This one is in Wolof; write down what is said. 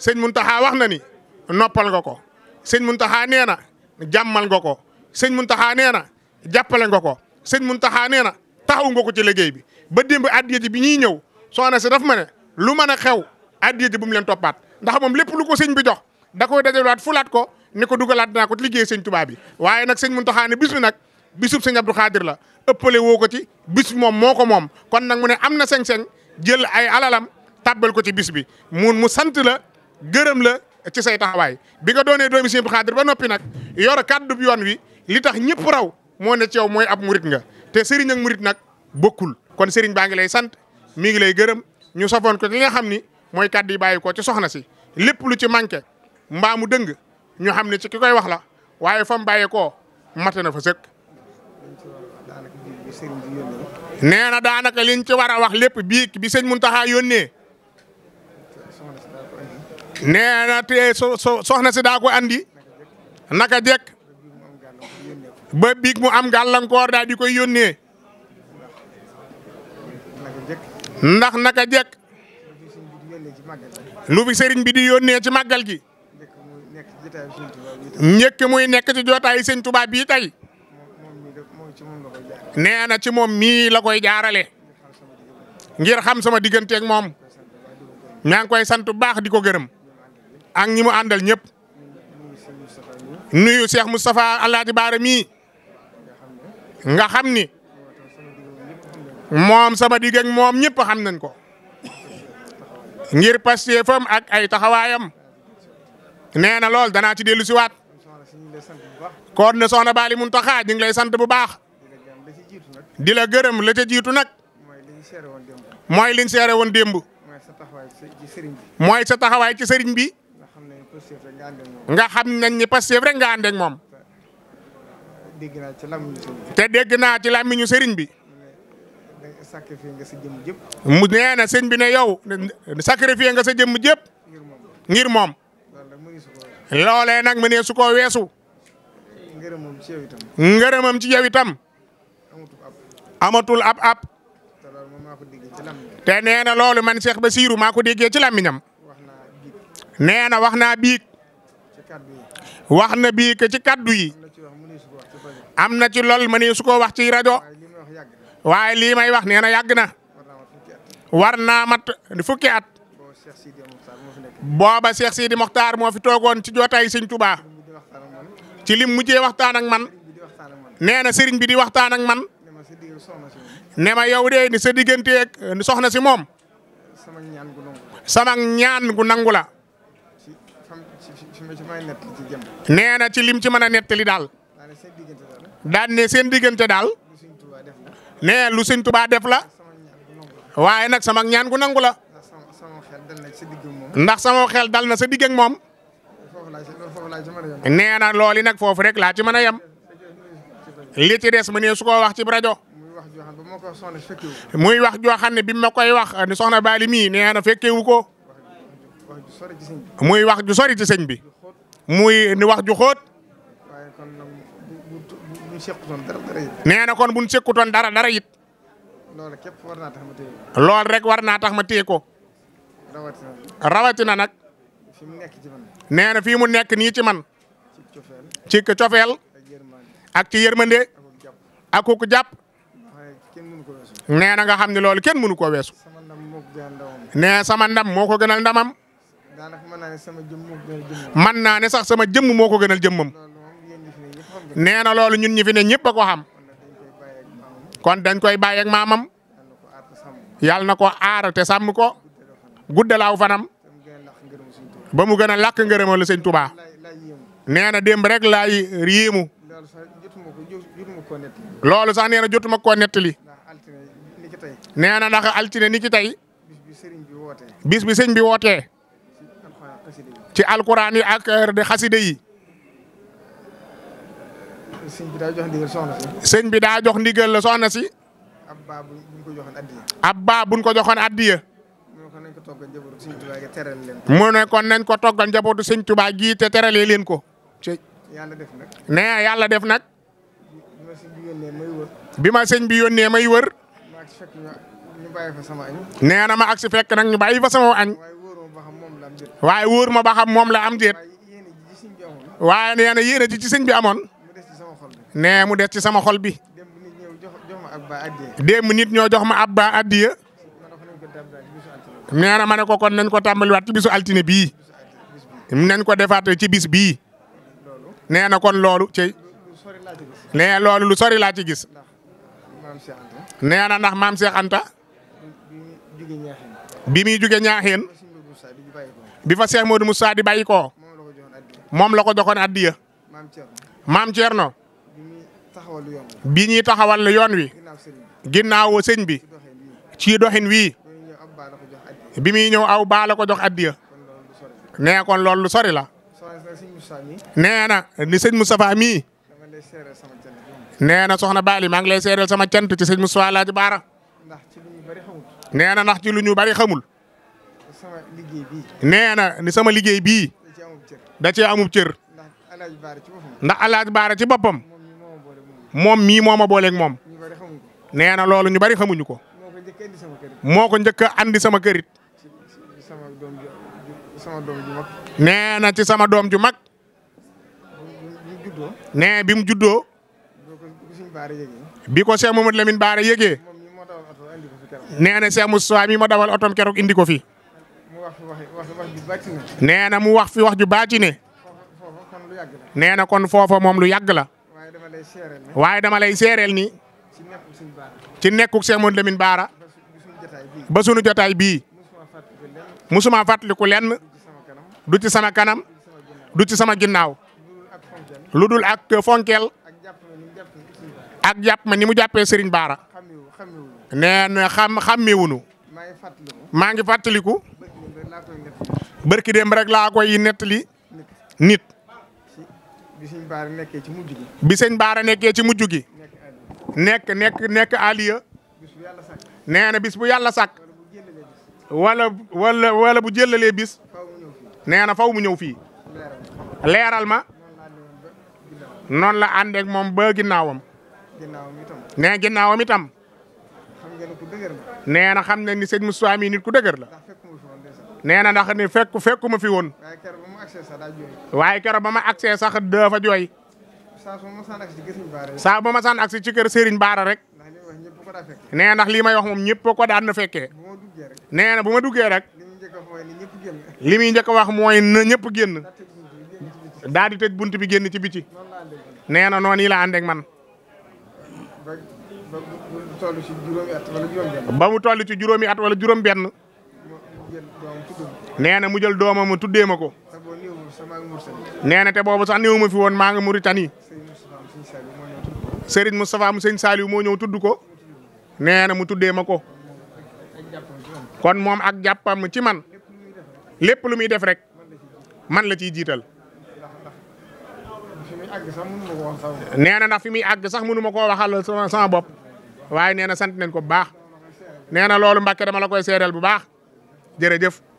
sëñ Muntaxa wax na ni noppal nga ko sëñ Muntaxa nee na jàmmal nga ko sëñ Muntaxa nee na jàppale nga ko sëñ Muntaxa nee na taxaw nga ko ci liggéey bi ba démb addiya ji bi ñuy ñëw soxna si daf ma ne lu mën a xew addiya ji mu leen toppaat ndax moom lépp lu ko sëñ bi jox da koy dajalewaat fulaat ko ni ko dugalaat naa ko ci liggéey sëñ Tuubaa bi waaye nag sëñ Muntaxa ne bis bi nag bisub sëñ Abdou Khadir la ëppale woo ko ci bis moom moo ko moom kon nag mu ne am na sañ-sañ jël ay alalam tàbbal ko ci bis bi mun mu sant la gërëm la ci say taxawaay bi nga doonee doomi Sëñ Abdou Khadre ba noppi nag yor kàddu bi yoon wi li tax ñëpp raw moo ne ci yow mooy ab murit nga te sëriñ ak murit nag bokkul kon sëriñ baa ngi lay sant mi ngi lay gërëm ñu safoon ko li nga xam ni mooy kàddu yi bàyyi ko ci soxna si lépp lu ci manqué mbaamu dëng ñu xam ne ci ki koy wax la waaye fa mu bàyyee koo na fa sëkk. nee na daanaka liñ ci war a wax lépp bii bi sëñ Muntaxa yónnee nee te so soxna si daa ko andi naka jekk ba biig mu am gàllankoor daal di koy yónnee ndax naka jekk lu fi sëriñ bi di yónnee ci màggal gi njëkk muy nekk ci jootaayu sëñ Tuubaa bii tey nee na ci moom mii la koy jaarale ngir xam sama digganteeg moom ñaa ngi koy sant baax di ko gërëm ak ñi mu àndal ñëpp nuyu Cheikh Moustapha Alaaji Baara mii nga xam ni moom sama digg moom ñëpp xam nañ ko ngir pastéefam ak ay taxawaayam nee na lool danaa ci dellu si waat kon ne soxna Baali mun ñu ngi lay sant bu baax di la gërëm la ca jiitu nag mooy liñ seere woon démb mooy sa taxawaay ci sëriñ bi nga xam nañ ni Pastef rek nga ànd ak moom. te dégg naa ci làmmiñu sëriñ bi. sacrifié nga sa jëmm jëpp. mu nee na sëñ bi ne yow sacrifié nga sa jëmm jëpp. ngir moom. loolee nag mu ne su ko weesu. ngërëmam ci yow itam. ngërëmam ci yow itam. amatul ab ab. te nee na loolu man Cheikh Bassirou maa ko déggee ci làmmiñam nee na wax naa biig wax na biika ci kaddu yi am na ci lool ma ne su ko wax ci rajo waaye lii may wax neena na yàgg na war naa mat fukki at booba Cheikh Sidi Mokhtar moo fi toogoon ci jotaay Sëñ Touba ci lim mujjee waxtaan ak man nee na sëriñ bi di waxtaan ak man ne ma yow de ni sa digganteeg soxna si moom sama ñaan gu nangu la. nee na ci lim ci mën a nettali daal. daan ne seen diggante daal. nee lu sëñ Tuubaa def la. waaye nag sama ñaan gu nangu la. ndax sama xel dal na sa digg ak moom. nee na looli nag foofu rek laa ci mën a yem. li ci des mu ne su ko wax ci rajo. muy wax joo xam ne bi koy wax ni soxna Baali mii nee na fekkewu ko. muy wax ju sori ci sëñ bi muy ni wax ju xóot nee na kon buñ sekkutoon dara dara it lool rek war naa tax ma téye ko rawatina nag nee na fii mu nekk nii ci man ci cofeel ak ci yërmande ak ku jàpp nee na nga xam ne loolu kenn mënu ko weesu nee sama moo ko gënal ndamam man naa ne sax sama jëmm moo ko gënal jëmmam. nee na loolu ñun ñi fi ne ñëpp a ko xam. kon dañ koy bàyyi ak maamam. yàlla na ko aar te sàmm ko. guddelaaw fanam. ba mu gën a làkk ngërëmal sëñ Tuubaa. nee na rek lay yéemu. loolu sax nee na jotuma koo nettali. nee ndax altine ni ci tey. bis ci alquran yi ak euh, di xaside yi. sëñ bi da jox ndigal soxna si. bi daa jox ndigal la soxna si. ab baa bu ñu ko joxoon addiya. ab baa bu ñu ko joxoon addiya. mu ne kon nañ ko toggal njabootu sëñ Tuubaa te teralee leen ko. yàlla def nag. nee yàlla def nag. bi ma sëñ bi yónnee may wër. may wër. nee na ma fekk nag ñu bàyyi fa sama añ. waaye wóor ma ba xam moom la am déet waaye nee na ji ci sëñ bi amoon nee mu des ci sama xol bi démb nit ñoo jox ma ab addiya nee na ma ne ko kon nañ ko tàmbaliwaat ci bisu altine bii nañ ko defaat ci bis bii nee na kon loolu ci nee loolu lu sori laa ci gis nee ndax maam Cheikh bi muy jóge ñaaxeen bi fa Cheikh moo Moussa di bàyyi koo moom la ko joxoon addiya maam Thierno bi ñuy taxawal yoon wi ginnaaw sëñ bi ci doxin wii bi muy ñëw aw baa la ko jox addiya nee kon loolu lu sori la nee na ni sëñ Moustapha mii nee na soxna Bali maa ngi lay seeral sama cant ci sëñ Moustapha Laaji Baara nee na ndax ci lu ñu bari xamul. nee na ni sama liggéey bii da cee amub cër ndax alaaj baara ci boppam moom mii moo ma booleeg moom nee na loolu ñu bari xamuñu ko moo ko njëkk andi sama kërit nee na ci sama doom ju mag nee bi mu juddoo bi ko Cheikh la Lamine Baara yëgee nee na Cheikh Moustapha mi ma dawal otom keroog indi ko fi nee na mu wax fi wax ju baati ne. nee na kon foofa moom lu yàgg la. waaye dama lay seereel ni. ci nekkuk Cheikh Modou Lamine Baara. ba sunu jotaay bii. musuma fàttaliku lenn. du ci sama kanam. du ci sama ginnaaw. lu dul ak fonkel. ak jàpp ma ni mu jàppee Serigne Baara. nee na xam xàmmewunu maa ngi fàttaliku. barki dem rek laa koy nettali nit. bi Baara nekkee ci mujj gi. bi nekk nekk aliya. nee bis bu yàlla sàkk. wala bu jëllalee bis. nee na faw mu ñëw fii. leeral ma. noonu la ànd ak moom ba ginnaawam. nee ginnaawam itam. nee na xam ne ni sëñ Moustapha mi nit ku dëgër la. nee na ndax ni fekk fekkuma fi woon. waaye keroog ba ma agsee sax daa jooy. waaye keroog ba ma agsee sax dafa jooy. saa su ma saan agsi ci kër Serigne Bara rek. saa ndax lii may wax moom ñëpp ko daan na fekkee. nee na bu ma duggee rek. li muy njëkk a wax mooy na ñëpp génn. daal di bunt bi génn ci biti. nee na noonu yi la ànd man. ba mu toll ci juróomi wala juróom ci juróomi at wala juróom-benn. nee na mu jël doomam mu tuddee ma ko. nee te boobu sax néew fi woon maa nga Mauritanie. Serigne Moustapha mu sëñ Saliou moo ñëw tudd ko. nee na mu tuddee ma ko. kon moom ak jàppam ci man. lépp lu muy def rek. man la ciy jiital. nee na ndax fi muy àgg sax mënu ma ko waxal sama sama bopp. waaye nee na sant nañ ko bu baax. nee na loolu Mbàkke dama la koy seedeel bu baax. jërëjëf.